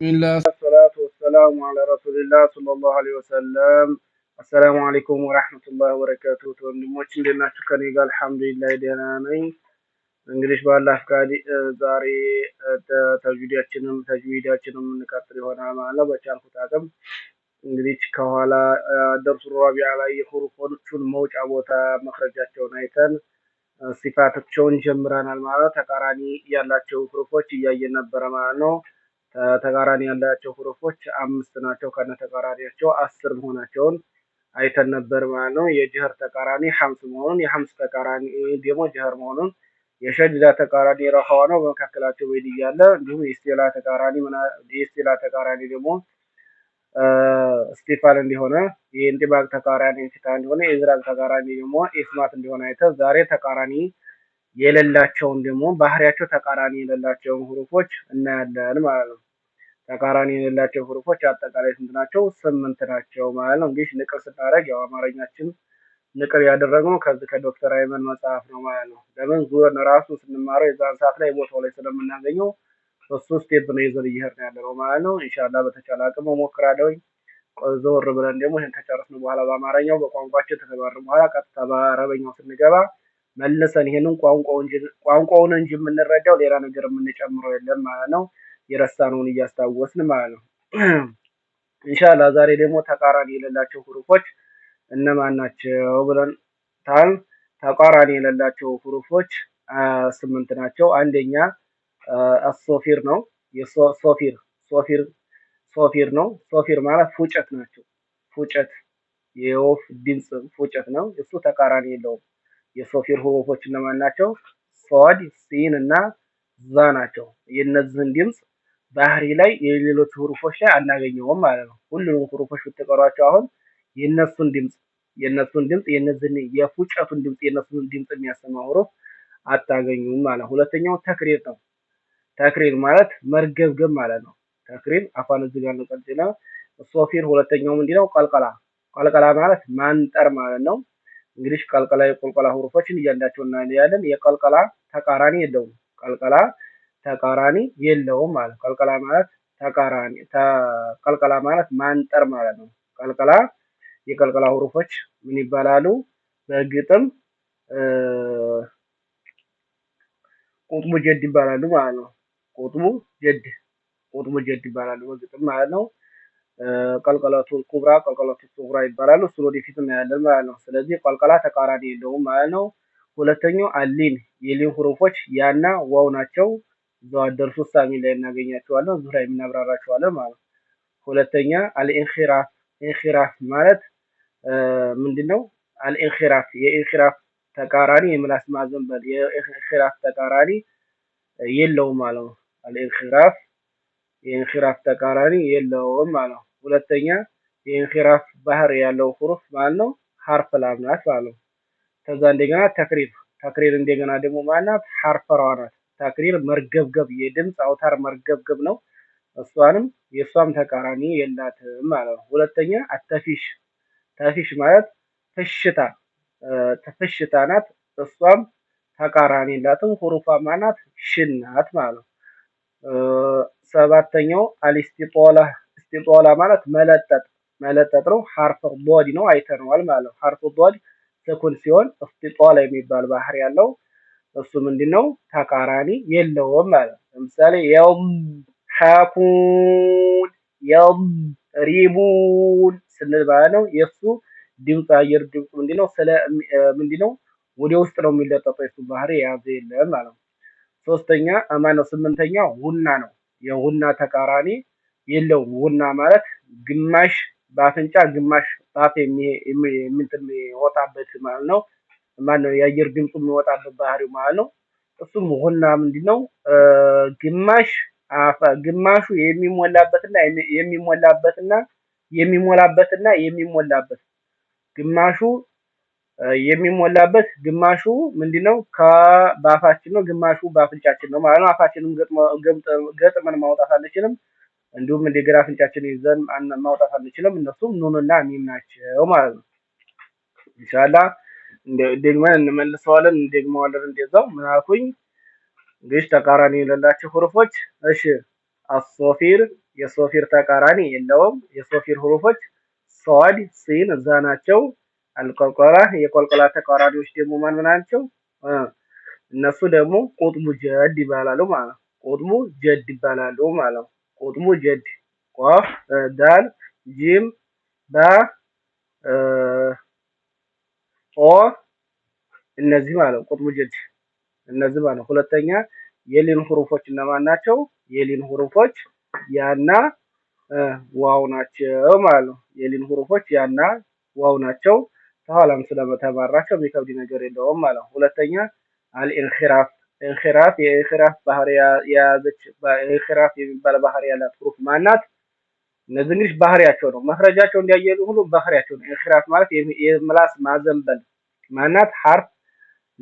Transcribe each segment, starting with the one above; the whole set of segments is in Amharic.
بسم الله والصلاة والسلام على رسول الله አሰላሙ አለይኩም ወራህመቱላሂ ወበረካቱ። ወንድሞች እንዴት ናችሁ? ከኔ ጋር አልሐምዱሊላህ ደህና ነኝ። እንግዲህ ባላህ ፍቃድ ዛሬ ተጅዊዳችንም ተጅዊዳችንም እንቀጥል ይሆናል ማለት ነው። በቻልኩት አቅም እንግዲህ ከኋላ ደርሱ ራቢያ ላይ የሁሩፎቹን መውጫ ቦታ መክረጃቸውን አይተን ሲፋቶቸውን ጀምረናል ማለት ተቃራኒ ያላቸው ሁሩፎች እያየን ነበረ ማለት ነው። ተቃራኒ ያላቸው ሁሩፎች አምስት ናቸው። ከነ ተቃራኒያቸው አስር መሆናቸውን አይተን ነበር ማለት ነው። የጅህር ተቃራኒ ሐምስ መሆኑን የሐምስ ተቃራኒ ደግሞ ጅህር መሆኑን የሸጅዳ ተቃራኒ ረሃዋ ነው። በመካከላቸው ቤድ እያለ እንዲሁም የስቴላ ተቃራኒ የስቴላ ተቃራኒ ደግሞ ስቴፋል እንዲሆነ የኢንጢባቅ ተቃራኒ ፊታ እንዲሆነ የዝራቅ ተቃራኒ ደግሞ ኢስማት እንዲሆነ አይተ ዛሬ ተቃራኒ የሌላቸውን ደግሞ ባህሪያቸው ተቃራኒ የሌላቸውን ሁሩፎች እናያለን ማለት ነው። ተቃራኒ የሌላቸው ሁሩፎች አጠቃላይ ስንት ናቸው? ስምንት ናቸው ማለት ነው። እንግዲህ ንቅር ስናደርግ ያው አማርኛችን ንቅብ ያደረግነው ከዚህ ከዶክተር አይመን መጽሐፍ ነው ማለት ነው። ለምን ዙረን ራሱ ስንማረው የዛን ሰዓት ላይ ቦታው ላይ ስለምናገኘው እሱ ስቴፕ ነው ይዘን እየሄድን ያለ ማለት ነው። ኢንሻላ በተቻለ አቅም ሞክራለሁኝ። ዘወር ብለን ደግሞ ይህን ከጨረስን በኋላ በአማርኛው በቋንቋችን ከተማርን በኋላ ቀጥታ በአረበኛው ስንገባ መልሰን ይሄንን ቋንቋውን እንጂ የምንረዳው ሌላ ነገር የምንጨምረው የለም ማለት ነው። የረሳነውን እያስታወስን ማለት ነው። እንሻላ ዛሬ ደግሞ ተቃራኒ የሌላቸው ሁሩፎች እነማን ናቸው ብለን ታል ተቃራኒ የሌላቸው ሁሩፎች ስምንት ናቸው። አንደኛ አሶፊር ነው። ሶፊር ሶፊር ሶፊር ነው። ሶፊር ማለት ፉጨት ናቸው። ፉጨት የወፍ ድምፅ ፉጨት ነው። እሱ ተቃራኒ የለውም። የሶፊር ሁሩፎች እነማን ናቸው? ሶድ፣ ሲን እና ዛ ናቸው። የእነዚህን ድምፅ ባህሪ ላይ የሌሎች ሁሩፎች ላይ አናገኘውም ማለት ነው። ሁሉንም ሁሩፎች ብትቀሯቸው አሁን የእነሱን ድምፅ የእነሱን ድምፅ የእነዚህን የፉጨቱን ድምፅ የእነሱን ድምፅ የሚያሰማ ሁሩፍ አታገኙም ማለት ነው። ሁለተኛው ተክሪር ነው። ተክሪር ማለት መርገብገብ ማለት ነው። ተክሪር አፋን እዚህ ጋር ነው። ሶፊር ሁለተኛው ምንድነው? ቀልቀላ ቀልቀላ ማለት ማንጠር ማለት ነው። እንግዲህ ቀልቀላ የቆልቀላ ሁሩፎችን እያንዳቸው እናያለን። የቀልቀላ ተቃራኒ የለውም። ቀልቀላ ተቃራኒ የለውም ማለት ቀልቀላ ማለት ተቃራኒ ቀልቀላ ማለት ማንጠር ማለት ነው። ቀልቀላ የቀልቀላ ሁሩፎች ምን ይባላሉ? በግጥም ቁጥቡ ጀድ ይባላሉ ማለት ነው። ቁጥቡ ጀድ ቁጥቡ ጀድ ይባላሉ በግጥም ማለት ነው። ቀልቀለቱል ኩብራ ቀልቀለቱ ኩብራ ይባላሉ። እሱን ወደፊት እናያለን ማለት ነው። ስለዚህ ቀልቀላ ተቃራኒ የለውም ማለት ነው። ሁለተኛው አሊን የሊን ሁሩፎች ያና ዋው ናቸው። እዛው አደርሱ ሳሚ ላይ እናገኛቸዋለን። እዚሁ የምናብራራቸዋለን ማለት ነው። ሁለተኛ አልኢንኺራፍ ኢንኺራፍ ማለት ምንድነው? አልኢንኺራፍ የኢንኺራፍ ተቃራኒ የምላስ ማዘንበል የኢንኺራፍ ተቃራኒ የለውም ማለት ነው። አልኢንኺራፍ የኢንኺራፍ ተቃራኒ የለውም ማለት ነው። ሁለተኛ የኢንኺራፍ ባህር ያለው ሁሩፍ ማለት ነው ሀርፍ ላም ናት ማለት ነው። ከዛ እንደገና ተክሪር ተክሪር እንደገና ደግሞ ማናት ሀርፍ ራዋ ናት። ተክሪር መርገብገብ የድምፅ አውታር መርገብገብ ነው። እሷንም የእሷም ተቃራኒ የላትም ማለት ነው። ሁለተኛ አተፊሽ ተፊሽ ማለት ፍሽታ ፍሽታ ናት። እሷም ተቃራኒ የላትም። ሁሩፋ ማናት ሽናት ማለት ነው። ሰባተኛው አሊስቲጦላ ኢስጢጧላ ማለት መለጠጥ መለጠጥ ነው። ሐርፍ ቦዲ ነው አይተነዋል ማለት ነው። ሐርፍ ቦዲ ስኩን ሲሆን ኢስጢጧላ የሚባል ባህሪ ያለው እሱ ምንድን ነው? ተቃራኒ የለውም ማለት ነው። ለምሳሌ የም ሐኩን የም ሪቡን ስንል ማለት ነው የእሱ ድምፅ አየር ድምፅ ምንድን ነው? ስለ ምንድን ነው ወደ ውስጥ ነው የሚለጠጠው የሱ ባህሪ የያዘ የለም ማለት ነው። ሶስተኛ ማነው ስምንተኛ ሁና ነው። የሁና ተቃራኒ የለውም። ቡና ማለት ግማሽ በአፍንጫ ግማሽ በአፍ የሚወጣበት ማለት ነው። ማነው የአየር ድምፁ የሚወጣበት ባህሪው ማለት ነው። እሱም ቡና ምንድን ነው? ግማሽ ግማሹ የሚሞላበትና የሚሞላበትና የሚሞላበትና የሚሞላበት ግማሹ የሚሞላበት ግማሹ ምንድን ነው? በአፋችን ነው፣ ግማሹ በአፍንጫችን ነው ማለት ነው። አፋችንም ገጥመን ማውጣት አንችልም። እንዲሁም እንደ ግራ አፍንጫችን ይዘን ማውጣት አንችልም። እነሱም ኑንና ሚም ናቸው ማለት ነው። ኢንሻላ ደግመን እንመልሰዋለን፣ እንደግመዋለን። እንደዛው ምናኩኝ ግሽ ተቃራኒ የሌላቸው ሁሩፎች እሺ። አሶፊር የሶፊር ተቃራኒ የለውም። የሶፊር ሁሩፎች ሰዋድ፣ ሲን፣ ዛ ናቸው። አልቆልቆላ የቆልቆላ ተቃራኒዎች ደግሞ ማን ናቸው? እነሱ ደግሞ ቁጥሙ ጀድ ይባላሉ ማለት ነው። ቁጥሙ ጀድ ይባላሉ ማለት ነው። ቁጥቡ ጀድ ቋፍ ዳል ጂም ባ ኦ እነዚህ ማለት ቁጥቡ ጀድ እነዚህ ማለት ሁለተኛ የሊን ሁሩፎች እነማን ናቸው? የሊን ሁሩፎች ያና ዋው ናቸው ማለት ነው። የሊን ሁሩፎች ያና ዋው ናቸው። ተኋላም ስለተማራቸው የሚከብድ ነገር የለውም ማለት ነው። ሁለተኛ አልኢንኺራፍ ራፍ የራፍ ባህሪ የያዘች ራፍ የሚባል ባህሪ ያላት ሁሩፍ ማናት? እነዚህ እንግዲህ ባህሪያቸው ነው። መክረጃቸው እንዲያየሉ ሁሉ ባህሪያቸው ነው። ኢንኺራፍ ማለት የምላስ ማዘንበል ማናት? ሐርፍ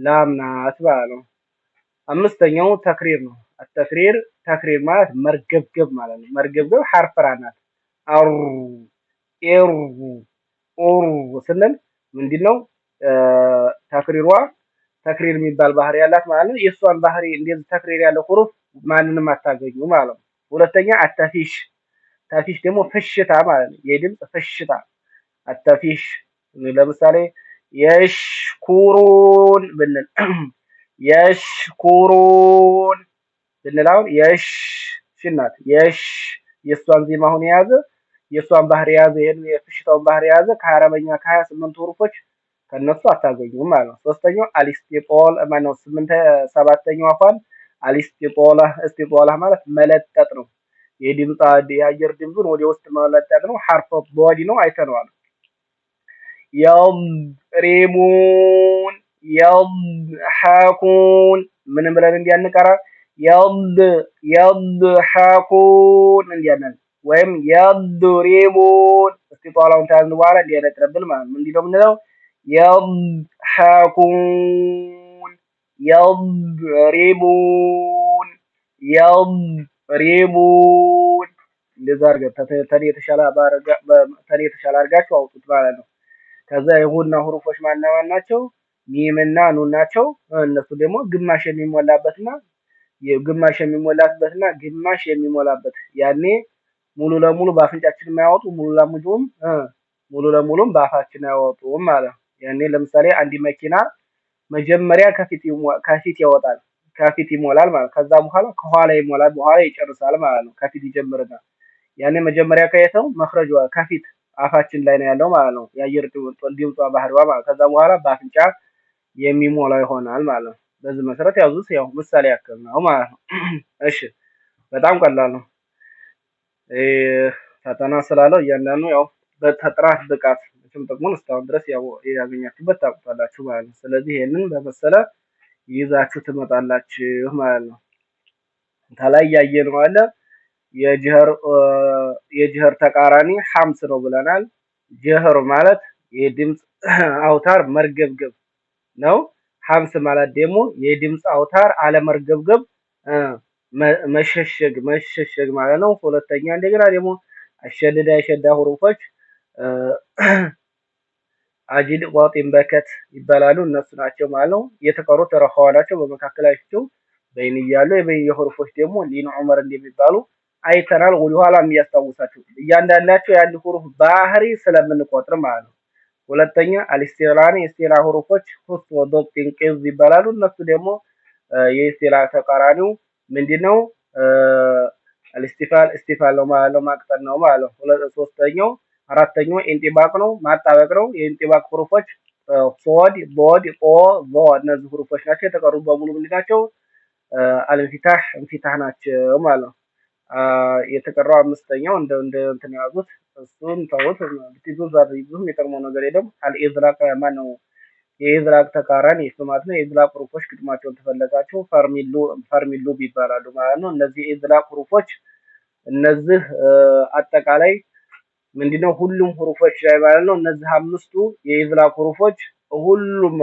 ላም ናት ማለት አምስተኛው ተክሪር ነው። ተክሪር ተክሪር ማለት መርገብገብ ማለት ነው። መርገብገብ ሐርፍ ራ ናት። አሩ ኤሩ ኦሩ ስንል ምንድን ነው ተክሪሯ ተክሪር የሚባል ባህሪ ያላት ማለት ነው። የእሷን ባህሪ እንደዚህ ተክሪር ያለው ሁሩፍ ማንንም አታገኙ ማለት ነው። ሁለተኛ አታፊሽ፣ ታፊሽ ደግሞ ፍሽታ ማለት ነው። የድምፅ ፍሽታ አታፊሽ። ለምሳሌ የሽኩሩን ብንል የሽኩሩን ብንል አሁን የሽ ሽናት የሽ የእሷን ዜማ አሁን የያዘ የእሷን ባህር የያዘ የፍሽታውን ባህር የያዘ ከአረበኛ ከሀያ ስምንት ሁሩፎች ከነሱ አታገኙም ማለት ነው። ሶስተኛው አሊስጢጶል ማነው? ስምንተ ሰባተኛው አፏን አሊስጢጶላ እስጢጶላ ማለት መለጠጥ ነው። የድምፅ የአየር ድምፁን ወደ ውስጥ መለጠጥ ነው። ሐርፍ ኦፍ ቦዲ ነው። አይተነዋል። የሪሙን የሐኩን ምን ብለን እንዲያንቀራ የድ ሐኩን እንዲያነን ወይም የድሪሙን እስጢጧላውን ተያዝን በኋላ እንዲያነጥረብል ማለት ነው። እንዲህ ነው የምንለው يضحكون يضربون يضربون እንደዛ አድርገህ ተ- የተሻለ ባረጋ- አውጡት ማለት ነው። ከዛ የሁና ሁሩፎች ማናማን ናቸው? ሚምና ኑን ናቸው። እነሱ ደግሞ ግማሽ የሚሞላበትና ግማሽ የሚሞላበትና ግማሽ የሚሞላበት ያኔ ሙሉ ለሙሉ በአፍንጫችን የማያወጡ ሙሉ ለሙሉም ሙሉ ለሙሉም በአፋችን አያወጡም ማለት ነው። ያኔ ለምሳሌ አንድ መኪና መጀመሪያ ከፊት ይወጣል፣ ከፊት ይሞላል ማለት ከዛ በኋላ ከኋላ ይሞላል፣ በኋላ ይጨርሳል ማለት ነው። ከፊት ይጀምርና ያኔ መጀመሪያ ከየት ነው መክረጇ? ከፊት አፋችን ላይ ነው ያለው ማለት ነው። የአየር ድምጿ ባህሪዋ ማለት ከዛ በኋላ በአፍንጫ የሚሞላ ይሆናል ማለት ነው። በዚህ መሰረት ያዙት። ያው ምሳሌ ያክል ነው ማለት ነው። እሺ፣ በጣም ቀላል ነው። ፈተና ስላለው እያንዳንዱ ያው በተጥራት ብቃት ም ጥቅሙን እስካሁን ድረስ ያገኛችሁበት ታውቁታላችሁ ማለት ነው። ስለዚህ ይህንን በመሰለ ይዛችሁ ትመጣላችሁ ማለት ነው። ከላይ ያየን ነው አለ የጅህር ተቃራኒ ሐምስ ነው ብለናል። ጀህር ማለት የድምፅ አውታር መርገብገብ ነው። ሐምስ ማለት ደግሞ የድምፅ አውታር አለመርገብገብ መሸሸግ መሸሸግ ማለት ነው። ሁለተኛ እንደገና ደግሞ አሸድዳ የሸዳ ሁሩፎች አጂድ ዋጢም በከት ይባላሉ። እነሱ ናቸው ማለት ነው። የተቀሩት ረኸዋ ናቸው። በመካከላቸው በይን እያሉ የበይን ሁሩፎች ደግሞ ሊን ዑመር እንደሚባሉ አይተናል። ኋላ የሚያስታውሳቸው እያንዳንዳቸው የአንድ ሁሩፍ ባህሪ ስለምንቆጥር ማለት ነው። ሁለተኛ አልስቲራኒ የስቲራ ሁሩፎች ሁስ ወዶብቲን ቄዝ ይባላሉ። እነሱ ደግሞ የስቲራ ተቃራኒው ምንድን ነው? አልስቲፋል እስቲፋል ነው ማለት ነው። ማቅጠን ነው ማለት ነው። ሶስተኛው አራተኛው ኤንጢባቅ ነው፣ ማጣበቅ ነው። የኤንጢባቅ ሁሩፎች ፎድ፣ ቦድ፣ ቆ፣ ዞ እነዚህ ሁሩፎች ናቸው። የተቀሩ በሙሉ ምንድን ናቸው? አልንፊታህ እንፊታህ ናቸው ማለት ነው። የተቀረው አምስተኛው እንደ እንደ እንትን ያዙት፣ እሱም ተውት። ብዙ ብዙም የጠቅመው ነገር የለም። አልኢዝራቅ ማን ነው? የኢዝራቅ ተቃራኒ ስማት ነው። የኢዝራቅ ሁሩፎች ግጥማቸውን ተፈለጋቸው ፈርሚሉ ፈርሚሉ ይባላሉ ማለት ነው። እነዚህ የኢዝራቅ ሁሩፎች እነዚህ አጠቃላይ ምንድነው ሁሉም ሁሩፎች ላይ ማለት ነው። እነዚህ አምስቱ የኢዝላቅ ሁሩፎች ሁሉም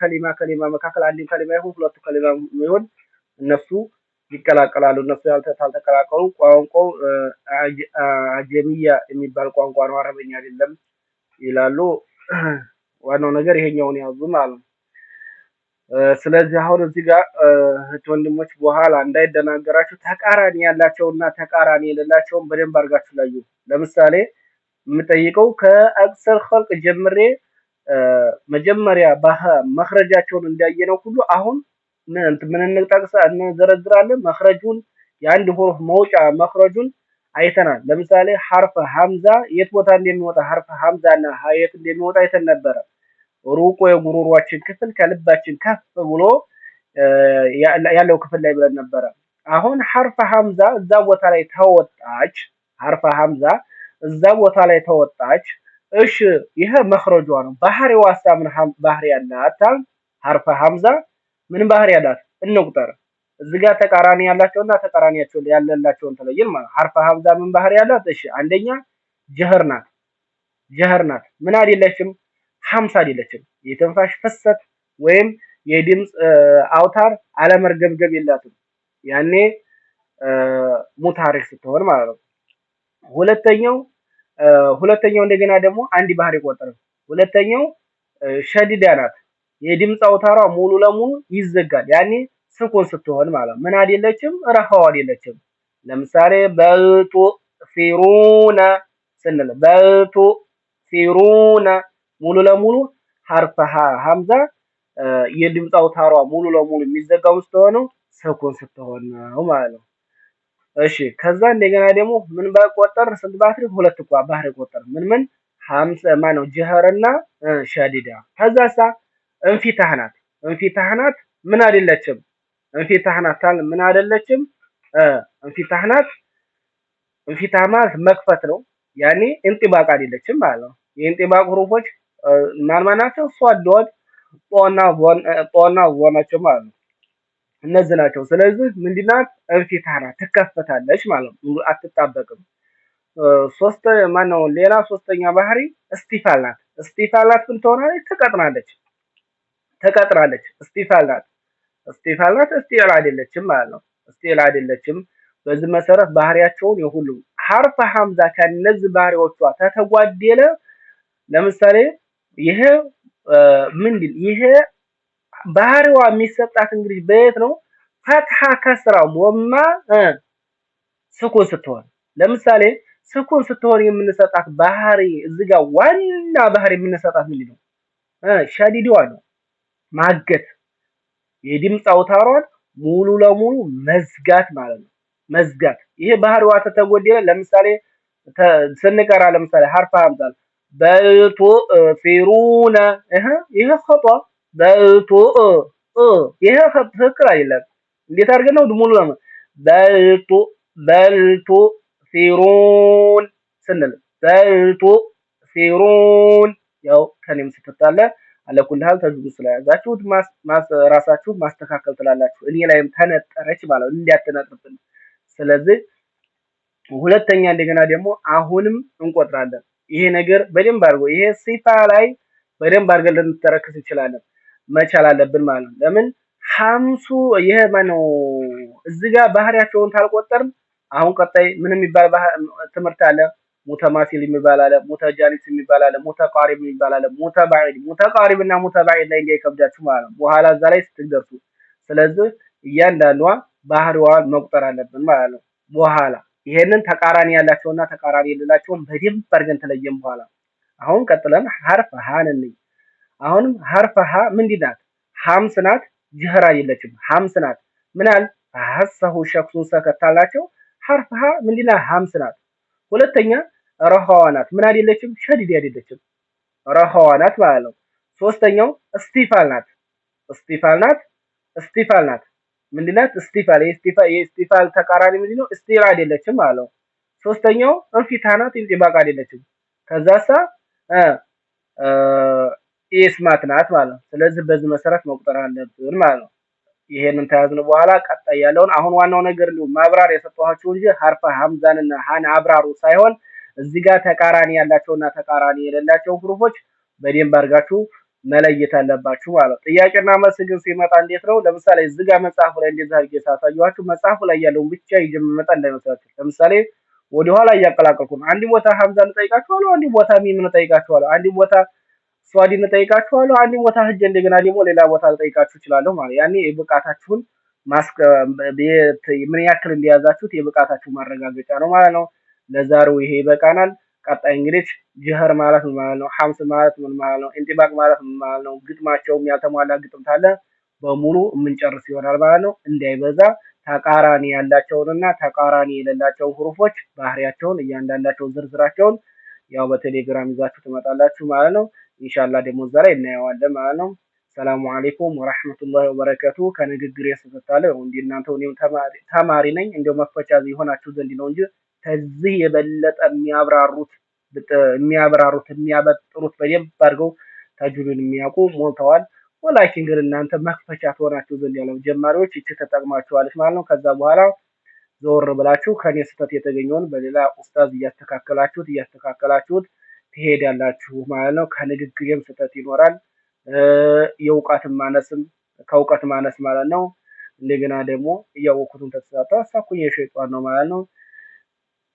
ከሊማ ከሊማ መካከል አንድ ከሊማ ይሁን ሁለቱ ከሊማ ይሁን እነሱ ይቀላቀላሉ። እነሱ ያልተቀላቀሉ ቋንቋው አጀሚያ የሚባል ቋንቋ ነው፣ አረበኛ አይደለም ይላሉ። ዋናው ነገር ይሄኛውን ያዙ ማለት ነው። ስለዚህ አሁን እዚህ ጋር እህት ወንድሞች በኋላ እንዳይደናገራችሁ ተቃራኒ ያላቸውና ተቃራኒ የሌላቸውን በደንብ አድርጋችሁ ላዩ። ለምሳሌ የምጠይቀው ከአቅሰር ኸልቅ ጀምሬ መጀመሪያ መክረጃቸውን እንዳየነው ሁሉ አሁን ምን እንጠቅሳ እንዘረዝራለን። መክረጁን የአንድ ሁሩፍ መውጫ መክረጁን አይተናል። ለምሳሌ ሀርፈ ሐምዛ የት ቦታ እንደሚወጣ ሐርፈ ሐምዛና የት እንደሚወጣ አይተን ነበረ። ሩቆ የጉሮሯችን ክፍል ከልባችን ከፍ ብሎ ያለው ክፍል ላይ ብለን ነበረ። አሁን ሐርፈ ሐምዛ እዛ ቦታ ላይ ተወጣች። ሐርፈ ሐምዛ እዛ ቦታ ላይ ተወጣች። እሺ ይሄ መክረጇ ነው። ባህሪ ዋሳ ምን ባህሪ ያላት ሐርፈ ሐምዛ ምን ባህሪ ያላት እንቁጠር። እዚህ ጋር ተቃራኒ ያላቸውና ተቃራኒያቸው ያለላቸውን ተለይን ማለት ሐርፈ ሐምዛ ምን ባህሪ ያላት? እሺ አንደኛ ጀህር ናት። ጀህር ናት ምን አይደለችም ሀምሳ አይደለችም። የትንፋሽ ፍሰት ወይም የድምፅ አውታር አለመርገብገብ የላትም። ያኔ ሙታሪክ ስትሆን ማለት ነው። ሁለተኛው ሁለተኛው እንደገና ደግሞ አንድ ባህር ይቆጠርም። ሁለተኛው ሸዲዳ ናት። የድምፅ አውታሯ ሙሉ ለሙሉ ይዘጋል። ያኔ ስኩን ስትሆን ማለት ምን አይደለችም፣ ረሃዋ አይደለችም። ለምሳሌ በልጡ ሲሩነ ስንል በልጡ ፊሩና ሙሉ ለሙሉ ሀርፈ ሀ ሀምዛ የድምፅ አውታሯ ሙሉ ለሙሉ የሚዘጋው ስለሆነው ሰኮን ስትሆን ነው ማለት ነው። እሺ ከዛ እንደገና ደግሞ ምን ባቆጠር ስንት ባህሪ ሁለት እኮ ባህሪ ቆጠር ምን ምን ሀምሳ ማን ነው ጀህርና ሸዲዳ ከዛሳ እንፊታህ ናት እንፊታህ ናት ምን አይደለችም እንፊታህ ናት ምን አይደለችም እንፊታህ ናት እንፊታህ ማለት መክፈት ነው ያኔ እንጢባቅ አይደለችም ማለት ነው የእንጢባቅ ሁሩፎች ማን ናቸው? ሶዶድ ጦና ቮን ጦና ናቸው ማለት ነው። እነዚህ ናቸው። ስለዚህ ምንድናት? እፍቲታና ትከፈታለች ማለት ነው። አትጣበቅም። ሶስተ ማነው? ሌላ ሶስተኛ ባህሪ እስቲፋል ናት። እስቲፋል ናት ምን ትሆናለች? ትቀጥናለች ተቀጥራለች እስቲፋል ናት። እስቲፋል ናት እስቲል አይደለችም ማለት ነው። እስቲል አይደለችም። በዚህ መሰረት ባህሪያቸውን የሁሉም ሀርፈ ሀምዛ ከነዚህ ባህሪዎቿ ተተጓደለ ለምሳሌ ይሄ ምንድን ይሄ ባህሪዋ የሚሰጣት እንግዲህ በየት ነው? ፈትሃ ከስራ ወማ ስኩን ስትሆን ለምሳሌ ስኩን ስትሆን የምንሰጣት ባህሪ እዚህ ጋር ዋና ባህሪ የምንሰጣት ምንድን ነው? ሸዲዲዋ ነው ማገት የድምፅ አውታሯን ሙሉ ለሙሉ መዝጋት ማለት ነው። መዝጋት ይሄ ባህሪዋ ተተጎደለ። ለምሳሌ ስንቀራ ለምሳሌ ሀርፍ አምጣል بل تؤثرون ايه خطا بل تؤ ይሄ ትክክል አይደለም። እንዴት አድርገን ነው ሙሉ ለምን በል ቱ በል ቱእሲሩን ስንል በል ቱእሲሩን ያው ከኔም ስትጣለ አለኩል ሀል ተጅዱ ስለያዛችሁት ራሳችሁ ማስተካከል ትላላችሁ። እኔ ላይም ተነጠረች ማለት እንዲያተነጥርብን። ስለዚህ ሁለተኛ እንደገና ደግሞ አሁንም እንቆጥራለን ይሄ ነገር በደንብ አድርጎ ይሄ ሲፋ ላይ በደንብ አድርገን ልንተረክስ እንችላለን መቻል አለብን ማለት ነው። ለምን ሀምሱ ይሄ ማነው እዚህ ጋር ባህሪያቸውን ታልቆጠርም። አሁን ቀጣይ ምን የሚባል ትምህርት አለ? ሙተማሲል የሚባል አለ፣ ሙተጃኒስ የሚባል አለ፣ ሙተቃሪብ የሚባል አለ፣ ሙተባዒድ ሙተቃሪብ እና ሙተባዒድ ላይ እንዳይከብዳችሁ ማለት ነው። በኋላ እዛ ላይ ስትደርሱ ስለዚህ እያንዳንዷ ባህሪዋን መቁጠር አለብን ማለት ነው በኋላ ይሄንን ተቃራኒ ያላቸውና ተቃራኒ የሌላቸውን በደንብ አድርገን ተለየም በኋላ አሁን ቀጥለን ሀርፍ ሀን እንይ። አሁንም ሐርፍ ሀ ምንድን ናት? ሐምስ ናት። ጅህራ የለችም። ሐምስ ናት። ምናል ሐሰሁ ሸክሱን ሰከታላቸው ሐርፍ ሀ ምንድን ናት? ሐምስ ናት። ሁለተኛ ረሃዋ ናት። ምናል የለችም። ሸዲድ አይደለችም? ረሃዋ ናት ማለት ነው። ሶስተኛው እስቲፋል ናት። እስቲፋል ናት። እስቲፋል ናት። ምንድናት? እስቲፋል የእስቲፋል ተቃራኒ ምንድን ነው? እስቲራ አይደለችም አለው። ሶስተኛው እንፊታ ናት፣ ኢንጢባቅ አይደለችም። ከዛሳ ኢስማት ናት ማለት ነው። ስለዚህ በዚህ መሰረት መቁጠር አለብን ማለት ነው። ይሄንን ተያዝን በኋላ ቀጣይ ያለውን አሁን ዋናው ነገር ነው ማብራር የሰጠኋችሁ እንጂ ሀርፈ ሀምዛንና ሀን አብራሩ ሳይሆን እዚህ ጋር ተቃራኒ ያላቸውና ተቃራኒ የሌላቸው ሁሩፎች በደንብ አድርጋችሁ መለየት አለባችሁ ማለት ነው። ጥያቄና መልስ ግን ሲመጣ እንዴት ነው? ለምሳሌ እዚህ ጋር መጽሐፉ ላይ እንደዛ አድርጌ ሳሳያችሁ መጽሐፉ ላይ ያለውን ብቻ ይዤ የምመጣ እንዳይመስላችሁ። ለምሳሌ ወደኋላ እያቀላቀልኩ ነው። አንድ ቦታ ሀምዛን እጠይቃችኋለሁ፣ አንድ ቦታ ሚም እጠይቃችኋለሁ፣ አንድ ቦታ ስዋዲ እጠይቃችኋለሁ፣ አንድ ቦታ ህጅ እንደገና ደግሞ ሌላ ቦታ ልጠይቃችሁ እችላለሁ ማለት ያኔ የብቃታችሁን ምን ያክል እንደያዛችሁት የብቃታችሁ ማረጋገጫ ነው ማለት ነው። ለዛሬው ይሄ ይበቃናል። ቀጣይ እንግዲህ ጅህር ማለት ምን ማለት ነው? ሐምስ ማለት ምን ማለት ነው? ኢንጢባቅ ማለት ምን ማለት ነው? ግጥማቸውም ያልተሟላ ግጥም ካለ በሙሉ የምንጨርስ ይሆናል ማለት ነው። እንዳይበዛ ተቃራኒ ያላቸውንና ተቃራኒ የሌላቸው ሁሩፎች ባህሪያቸውን እያንዳንዳቸው ዝርዝራቸውን ያው በቴሌግራም ይዛችሁ ትመጣላችሁ ማለት ነው። ኢንሻላ ደግሞ እዛ ላይ እናየዋለን ማለት ነው። ሰላሙ አሌይኩም ወራህመቱላሂ ወበረከቱ። ከንግግር የስተታለ እንዲ እናንተ እኔም ተማሪ ነኝ እንደው መፈቻ የሆናችሁ ዘንድ ነው እንጂ ከዚህ የበለጠ የሚያብራሩት የሚያብራሩት የሚያበጥሩት በደንብ አድርገው ታጁቢን የሚያውቁ ሞልተዋል። ወላኪን ግን እናንተ መክፈቻ ትሆናችሁ ዘንድ ያለው ጀማሪዎች እቺ ተጠቅማችኋለች ማለት ነው። ከዛ በኋላ ዞር ብላችሁ ከኔ ስህተት የተገኘውን በሌላ ኡስታዝ እያስተካከላችሁት እያስተካከላችሁት ትሄዳላችሁ ማለት ነው። ከንግግርም ስህተት ይኖራል፣ የእውቀትም ማነስም ከእውቀት ማነስ ማለት ነው። እንደገና ደግሞ እያወቅኩትን ተተሳተ አሳኩኝ የሸይጧን ነው ማለት ነው።